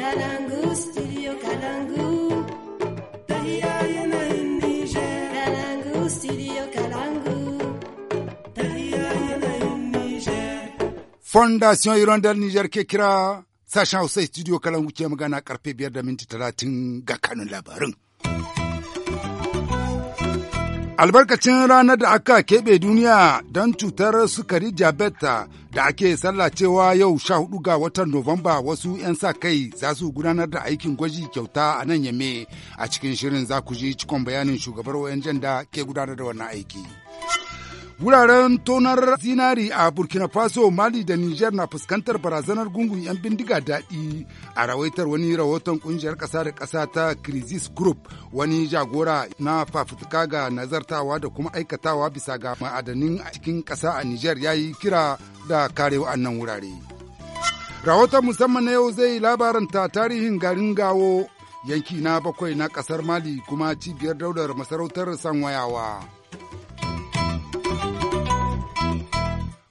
Kalangu, studio Kalangu. Fondation Hirondelle Niger ke kira sashen Hausa studio Kalangu ke magana karfe biyar da minti talatin ga kanun labarin. Albarkacin ranar da aka keɓe duniya don cutar sukari jabeta da ake sallacewa yau sha hudu ga watan Nuwamba wasu 'yan sa kai za su gudanar da aikin gwaji kyauta a nan yame a cikin shirin za ku ji cikon bayanin shugabar 'yan da ke gudanar da wannan aiki. Wuraren tonar zinari a Burkina Faso, Mali da Nijar na fuskantar barazanar gungun 'yan bindiga daɗi a rawaitar wani rahoton ƙungiyar ƙasa da ƙasa ta Crisis Group, wani jagora na fafutuka ga nazartawa da kuma aikatawa bisa ga ma'adanin cikin ƙasa a Nijar ya yi kira da kare wa'annan wurare. Rahoton musamman na yau zai labaranta tarihin garin gawo yanki na bakwai na ƙasar Mali kuma cibiyar daular masarautar Sanwayawa.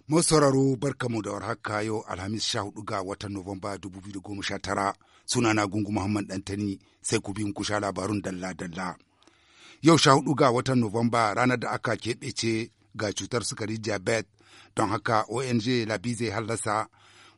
masauraro barkamu da haka yau alhamis sha hudu ga watan nuwamba dubu biyu da goma sha tara sunana gungu muhammad dantani sai ku bi ku sha labarun dalla dalla yau sha hudu ga watan nuwamba ranar da aka keɓe ce ga cutar sukari jabet don haka ong labi zai hallasa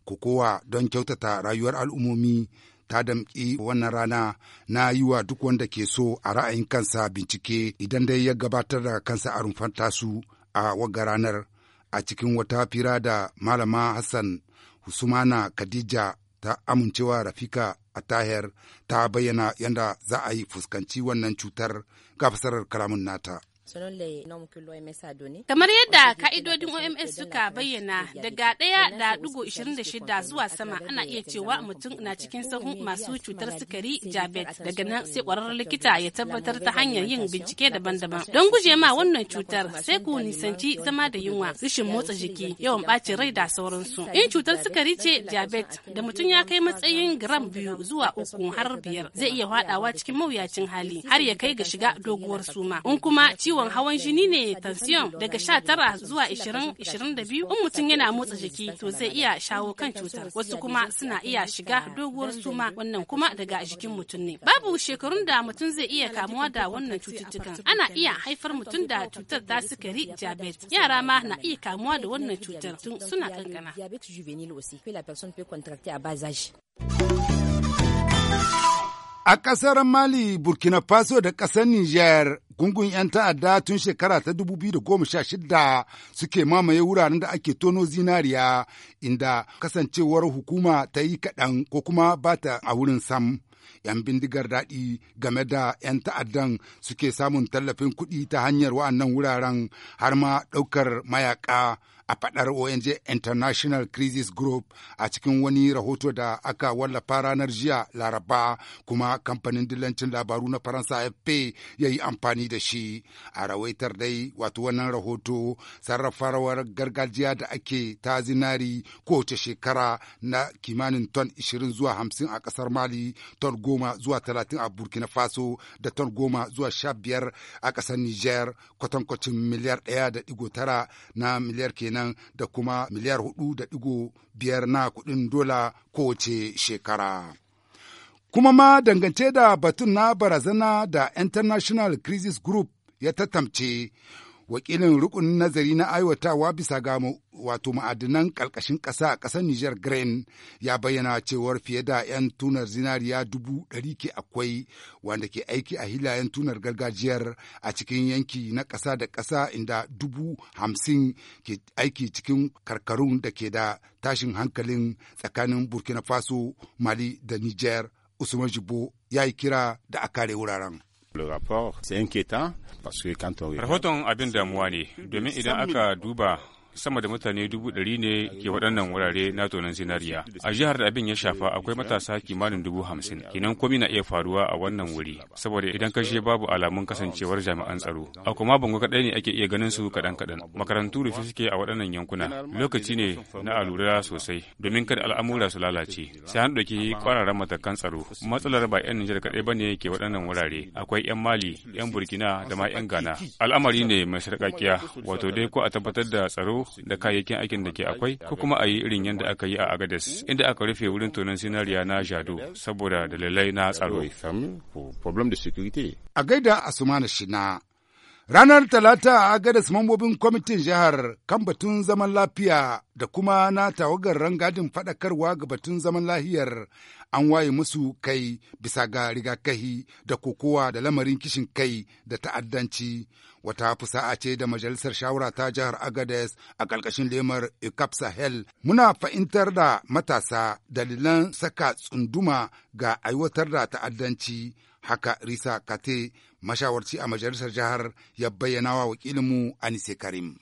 kokowa don kyautata rayuwar al'ummomi ta damƙi wannan rana na yi wa duk wanda ke so a ra'ayin kansa bincike idan dai ya gabatar da kansa a rumfanta su a wagga ranar a cikin wata fira da malama Hassan Husumana Khadija ta amincewa Rafika a tahir ta bayyana yadda za a yi fuskanci wannan cutar ga fasarar kalamin nata. Kamar yadda ka'idodin OMS suka bayyana daga ɗaya da ɗigo ishirin da shida zuwa sama ana iya cewa mutum na cikin sahun masu cutar sukari jabet daga nan sai ƙwararren likita ya tabbatar ta hanyar yin bincike daban-daban. Don guje ma wannan cutar sai ku nisanci zama da yunwa, rashin motsa jiki, yawan ɓacin rai da sauransu. In cutar sukari ce jabet da mutum ya kai matsayin gram biyu zuwa uku har biyar zai iya faɗawa cikin mawuyacin hali har ya kai ga shiga doguwar suma. In kuma ciwon ciwon hawan jini ne tansiyon daga sha tara zuwa ishirin ishirin da biyu in mutum yana motsa jiki to zai iya shawo kan cutar wasu kuma suna iya shiga doguwar suma wannan kuma daga jikin mutum ne babu shekarun da mutum zai iya kamuwa da wannan cututtukan ana iya haifar mutum da cutar ta sukari diabetes yara ma na iya kamuwa da wannan cutar tun suna kankana A ƙasar Mali, Burkina Faso da ƙasar Nijar, gungun 'yan ta'adda tun shekara ta 2016 suke mamaye wuraren da ake tono zinariya inda kasancewar hukuma ta yi kaɗan ko kuma ba ta a wurin sam. 'Yan bindigar daɗi game da 'yan ta'addan suke samun tallafin kuɗi ta hanyar wa'annan wuraren har ma ɗaukar mayaƙa a faɗar ONG International Crisis Group a cikin wani rahoto da aka wallafa ranar jiya Laraba kuma kamfanin dillancin labaru na Faransa AFP ya yi amfani da shi. A rawaitar dai wato wannan rahoto sarrafarwar gargajiya da ake ta zinari kowace shekara na kimanin ton 20 zuwa 50 a ƙasar Mali, ton 10 zuwa 30 a Burkina Faso da ton 10 zuwa 15 a ƙasar Niger, kwatankwacin miliyar 1.9 na miliyar kenan. kenan da kuma miliyar hudu da digo biyar na kuɗin dola kowace shekara. Kuma ma dangance da batun na barazana da International Crisis Group ya tattamce wakilin rukunin nazari na aiwatawa bisa ga wato ma'adinan ƙarƙashin ƙasa a ƙasar Nijar Grain ya bayyana cewar fiye da 'yan tunar zinariya dubu ɗari ke akwai wanda ke aiki a hilayen tunar gargajiyar a cikin yanki na ƙasa da ƙasa inda dubu hamsin ke aiki cikin karkarun da ke da tashin hankalin tsakanin Burkina Faso, Mali da niger Usman Jibo ya yi kira da a kare wuraren. Rahoton abin damuwa ne, domin idan aka duba sama da mutane dubu ɗari ne ke waɗannan wurare na tonan zinariya a jihar da abin ya shafa akwai matasa kimanin dubu hamsin kinan komi na iya faruwa a wannan wuri saboda idan kashe babu alamun kasancewar jami'an tsaro a kuma bango kaɗai ne ake iya ganin su kaɗan kaɗan makarantu rufe suke a waɗannan yankuna lokaci ne na alura sosai domin kada al'amura su lalace sai an ɗauki ƙwararren matakan tsaro matsalar ba 'yan nijar kaɗai ba ne ke waɗannan wurare akwai 'yan mali 'yan burkina da ma 'yan ghana al'amari ne mai sarƙaƙiya wato dai ko a tabbatar da tsaro da kayayyakin aikin da ke akwai ko kuma a yi irin yadda aka yi a Agades inda aka rufe wurin tonon sinariya na Jado saboda dalilai na tsaro. A gaida Asumana Shina Ranar Talata a gadas mambobin kwamitin jihar kan batun zaman lafiya da kuma na tawagar rangadin faɗakarwa ga batun zaman lahiyar an waye musu kai bisa ga rigakahi da kokowa da lamarin kishin kai da ta'addanci. Wata a ce da Majalisar Shawara ta jihar Agades a ƙarƙashin lemar Ikap Sahel. Muna fahimtar da matasa dalilan saka tsunduma ga aiwatar da ta'addanci. Haka Risa Kate mashawarci a majalisar jihar ya bayyana wa wakilinmu anise karim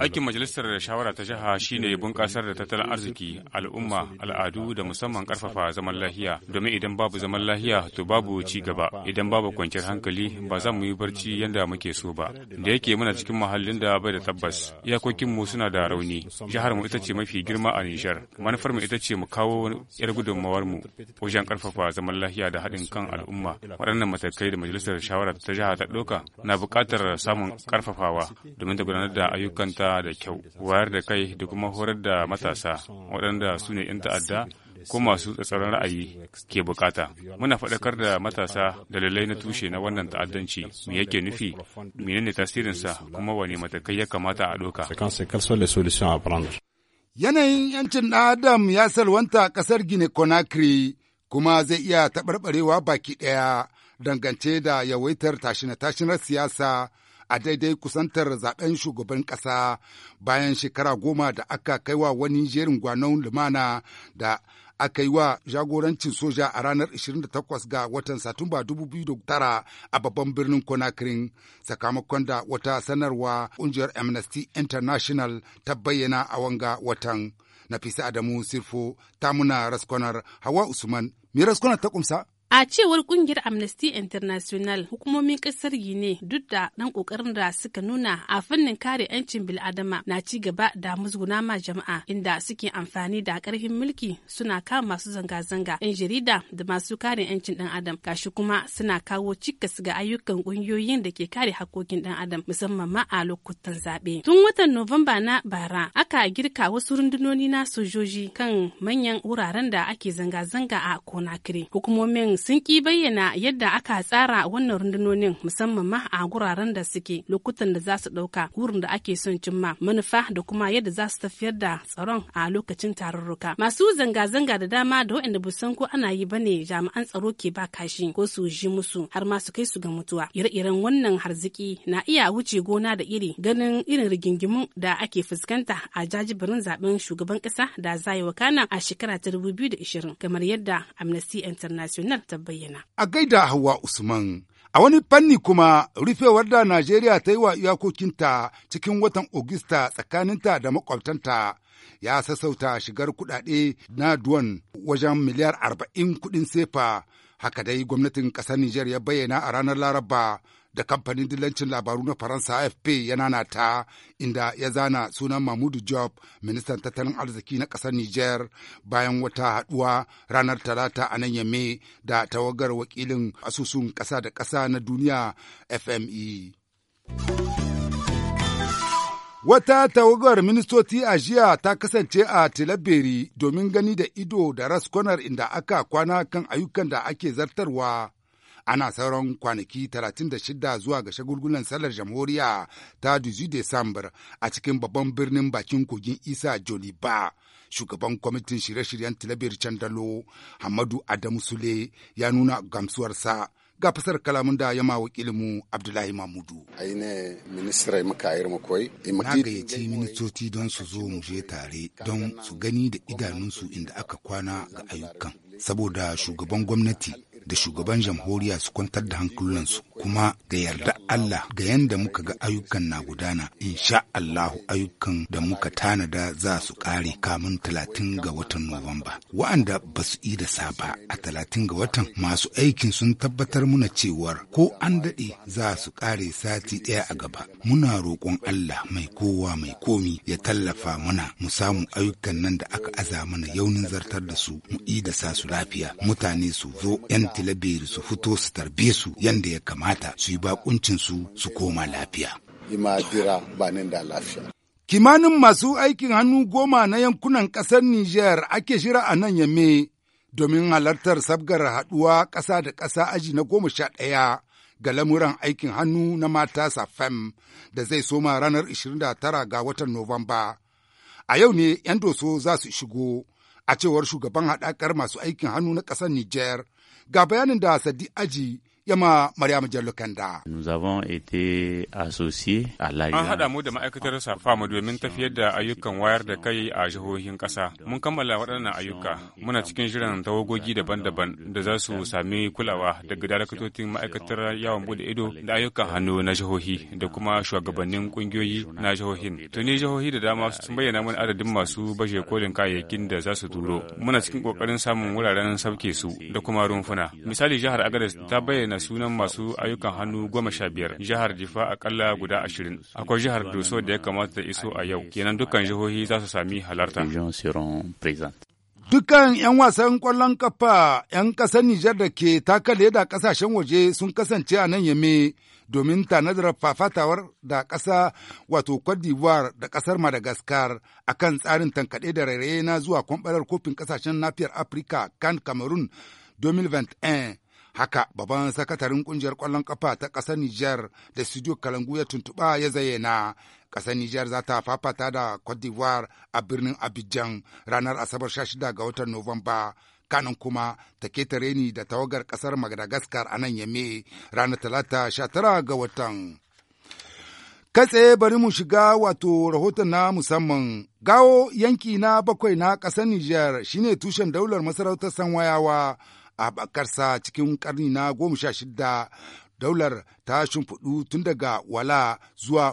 aikin majalisar da shawara ta jiha shine bunƙasar da tattalin arziki al'umma al'adu da musamman ƙarfafa zaman lahiya domin idan babu zaman lahiya to babu ci gaba idan babu kwanciyar hankali ba za mu yi barci yadda muke so ba da yake muna cikin muhallin da bai da tabbas iyakokinmu suna da rauni jihar mu ita ce mafi girma a nijar manufar mu ita ce mu kawo yar gudunmawar mu wajen ƙarfafa zaman lahiya da haɗin kan al'umma waɗannan matakai da majalisar shawara ta jiha ta ɗauka na buƙatar samun ƙarfafawa domin ta gudanar da ayyukanta da kyau wayar da kai da kuma horar da matasa waɗanda su ne 'yan ta'adda ko masu tsatsarin ra'ayi ke bukata muna faɗakar da matasa dalilai na tushe na wannan ta'addanci me yake nufi menene tasirinsa kuma wani matakai ya kamata a ɗauka yanayin yancin ɗan adam ya salwanta ƙasar gine conakry kuma zai iya taɓarɓarewa baki ɗaya dangance da yawaitar tashinar siyasa a daidai kusantar zaben shugaban ƙasa bayan shekara goma da aka kai wa wani jerin gwanon lumana da aka yi wa jagorancin soja a ranar 28 ga watan Satumba 2009 a babban birnin Conakry sakamakon da wata sanarwa ƙungiyar Amnesty International ta bayyana a wanga watan. Nafisa Adamu Sirfo ta muna raskonar Hawa Usman. Me raskonar ta kumsa? A cewar kungiyar Amnesty International hukumomin kasar Gine duk da ɗan kokarin da suka nuna a fannin kare 'yancin bil'adama na ci gaba da musguna ma jama'a inda suke amfani da karfin mulki suna kama masu zanga-zanga 'yan jarida da masu kare 'yancin dan adam gashi kuma suna kawo cikas ga ayyukan ƙungiyoyin da ke kare hakokin dan adam musamman ma a lokutan zaɓe. Tun watan Nuwamba na bara aka girka wasu rundunoni na sojoji kan manyan wuraren da ake zanga-zanga a konakire Hukumomin sun ki bayyana yadda aka tsara wannan rundunonin musamman ma a guraren da suke lokutan da za su ɗauka wurin da ake son cimma manufa da kuma yadda za su tafiyar da tsaron a lokacin tarurruka. Masu zanga-zanga da dama da waɗanda ba san ko ana yi bane jami'an tsaro ke ba kashi ko su ji musu har ma su kai su ga mutuwa. Ire-iren wannan harziki na iya wuce gona da iri ganin irin rigingimu da ake fuskanta a jajibirin zaben shugaban ƙasa da zai wakana a shekara ta 2020 kamar yadda Amnesty International ta ta bayyana. A gaida Hauwa Usman. A wani fanni kuma rufewar da Najeriya ta yi wa iyakokinta cikin watan Ogista tsakaninta da makwabtanta ya sassauta shigar kuɗaɗe na duwan wajen miliyar arba'in kuɗin sefa. Haka dai gwamnatin ƙasar Nijar ya bayyana a ranar Laraba da kamfanin dillancin labaru na Faransa AFP ya nanata inda ya zana sunan Mahmudu Job, ministan tattalin arziki na ƙasar niger bayan wata haɗuwa ranar Talata a nan Yame da tawagar wakilin asusun ƙasa da ƙasa na duniya FME. Wata tawagar ministoci a jiya ta kasance a Tilaberi domin gani da ido da raskonar inda aka kwana kan ayyukan da ake zartarwa. ana sauran kwanaki 36 zuwa ga shagulgulan sallar jamhuriya ta 18 Desambar a cikin babban birnin bakin kogin Isa Joliba. Shugaban kwamitin shirye-shiryen talabir Candalo, Hamadu Adamu Sule ya nuna gamsuwarsa. ga fasar kalamun da ya ma wakilinmu Abdullahi Mahmudu. Aine ministra ayar e, Na gayyaci ministoci don su zo mu je tare don su gani da idanunsu inda aka kwana ga ayyukan. Saboda shugaban gwamnati da shugaban jamhuriya su kwantar da hankulansu kuma ga yarda Allah ga yanda muka ga ayyukan na gudana insha Allahu ayyukan da muka tanada za su kare kamun talatin ga watan Nuwamba. Wa'anda ba su yi da saba a talatin ga watan masu aikin sun tabbatar muna cewar ko an daɗe za su kare sati ɗaya a gaba. Muna roƙon Allah mai kowa mai komi ya tallafa mana mu samu ayyukan nan da aka aza mana yaunin zartar da su mu yi da sa su lafiya mutane su zo 'yan tilabiri su fito su tarbe su yadda ya kamata su yi bakuncin su su koma lafiya. da lafiya. Kimanin masu aikin hannu goma na yankunan ƙasar Nijar ake shira a nan yamme domin halartar sabgar haɗuwa ƙasa da ƙasa aji na goma sha ɗaya ga lamuran aikin hannu na mata SAFEM da zai soma ranar 29 ga watan Nuwamba. A yau ne 'yan doso za su shigo. a cewar shugaban haɗakar masu aikin hannu na ƙasar Nijar, Ga bayanin da Sadi Aji yama Maryam Jallo Kanda. Nous avons été associés à An haɗa mu da ma'aikatar Safamu domin tafiyar da ayyukan wayar da kai a jihohin ƙasa. Mun kammala waɗannan ayyuka. Muna cikin jiran tawagogi daban-daban da za su sami kulawa daga darakatotin ma'aikatar yawon bude ido da ayyukan hannu na jihohi da kuma shugabannin ƙungiyoyi na jihohin. Tuni jihohi da dama sun bayyana mana adadin masu baje kolin kayayyakin da za su turo. Muna cikin ƙoƙarin samun wuraren sauke su da kuma rumfuna. Misali jihar Agadez ta bayyana bayyana sunan masu ayyukan hannu goma sha biyar, jihar Difa akalla guda ashirin. Akwai jihar Doso da ya kamata ta iso a yau, kenan dukkan jihohi za su sami halarta. Dukkan 'yan wasan kwallon kafa 'yan ƙasar Nijar da ke taka leda kasashen waje sun kasance a nan yame domin tanadar fafatawar da kasa wato Cote d'Ivoire da kasar Madagascar a kan tsarin tankaɗe da rairaye na zuwa kwamɓarar kofin kasashen nafiyar Afirka kan Cameroon 2021 Haka babban sakataren kungiyar kwallon ƙafa ta ƙasar Nijar da Studio Kalangu ya tuntuɓa ya zayyana. Ƙasar Nijar za ta fafata da Cote d'Ivoire a birnin Abidjan ranar Asabar 16 ga watan Nuwamba. kanan kuma ta ketare ni da tawagar ƙasar Madagascar a nan Yame ranar Talata 19 ga watan. Kai tsaye bari mu shiga wato rahoton na musamman gawo yanki na bakwai na ƙasar Nijar shine tushen daular masarautar Sanwayawa a bakarsa cikin ƙarni na goma sha shida daular ta shimfiɗu tun daga wala zuwa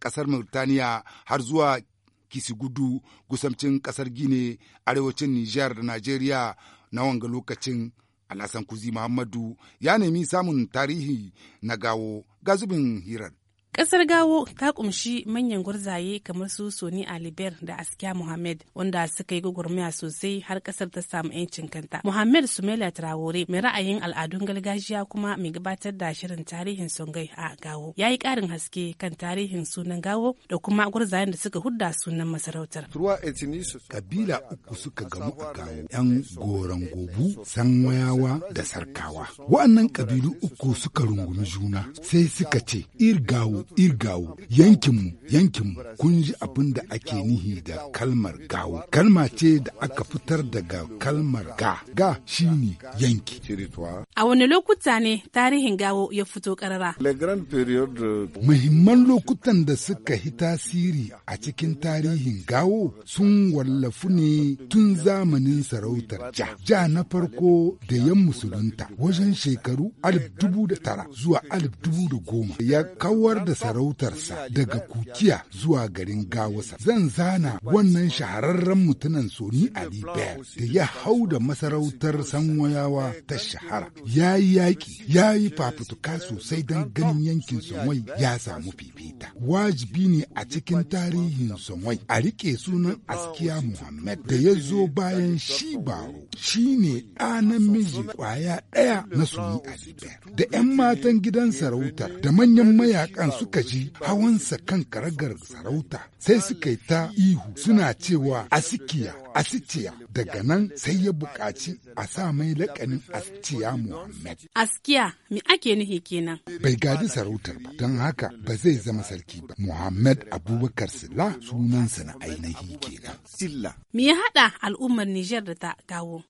ƙasar mauritaniya har zuwa kisi-gudu gusamcin ƙasar gine arewacin nijar da najeriya na wanga lokacin alhassan kuzi muhammadu ya nemi samun tarihi na gawo gazubin hirar Ƙasar Gawo ta kumshi manyan gwarzaye kamar su Soni Aliber da Askiya Mohammed wanda suka yi gwagwarmaya sosai har ƙasar ta samu 'yancin kanta. Mohammed sumela Traore mai ra'ayin al'adun gargajiya kuma mai gabatar da shirin tarihin Songai a Gawo. Ya yi ƙarin haske kan tarihin sunan Gawo da kuma gurzayen da suka hudda sunan masarautar. Kabila uku suka gamu a Gawo, 'yan goron gobu, sanwayawa da sarkawa. Wa'annan kabilu uku suka rungumi juna sai suka ce ir gawo. irgawo yankinmu yankinmu kun ji abin da ake nihi da kalmar gawo kalma ce da aka fitar daga kalmar ga ga shine yanki A wani lokuta ne tarihin gawo ya fito karara? Euh, Muhimman lokutan da suka yi tasiri a cikin tarihin gawo sun wallafu ne tun zamanin sarautar ja. Ja na farko da yan musulunta wajen shekaru alif dubu da tara zuwa alif dubu da goma ya kawar da sarautarsa daga kukiya zuwa garin gawasa. Zan zana wannan shahararren mutumin Soni Ali Bear da ya hau da masarautar Sanwayawa ta shahara. ya yi yaƙi ya yi fafutuka sosai don ganin yankin Somai ya samu fifita. Wajibi ne a cikin tarihin Somai a rike sunan Askiya Muhammad da ya zo bayan shi baro shi ne ɗanan miji ƙwaya ɗaya na Sunni Ali Da 'yan matan gidan sarauta da manyan mayakan suka ji hawansa kan karagar sarauta sai suka yi ta ihu suna cewa Asikiya, Asiciya daga nan sai ya buƙaci a sa mai laƙanin asikiya Muhammad. Askiya me ake nufi kenan? Bai gaji sarautar ba don haka ba zai zama sarki ba. Muhammad Abubakar Silla sunansa na ainihi kenan. Silla. Me ya haɗa al'ummar Nijar da ta gawo?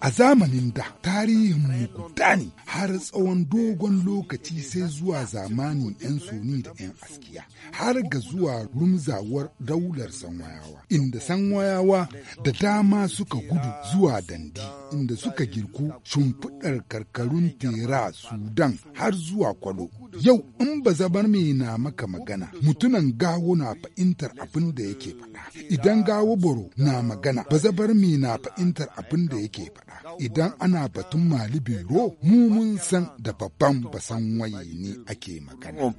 A zamanin da tarihin guda ne har tsawon dogon lokaci sai zuwa zamanin 'yan suni da 'yan askiya har ga zuwa rumzawar daular sanwayawa inda sanwayawa da dama suka gudu zuwa dandi inda suka girku shimfiɗa alaƙar karkarun tera Sudan har zuwa kwalo. Yau in ba zabar mai na maka magana, mutunan gawo na fahimtar abin da yake faɗa. Idan gawo boro na magana, ba zabar mai na fahimtar abin da yake faɗa. Idan ana batun mali biro, mu mun san da babban basan waye ne ake magana.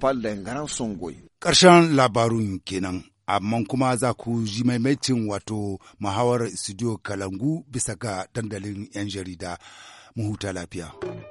Ƙarshen labarun kenan. amma kuma za ku ji maimaitin wato muhawar studio kalangu bisa ga dandalin 'yan jarida. mu huta lafiya.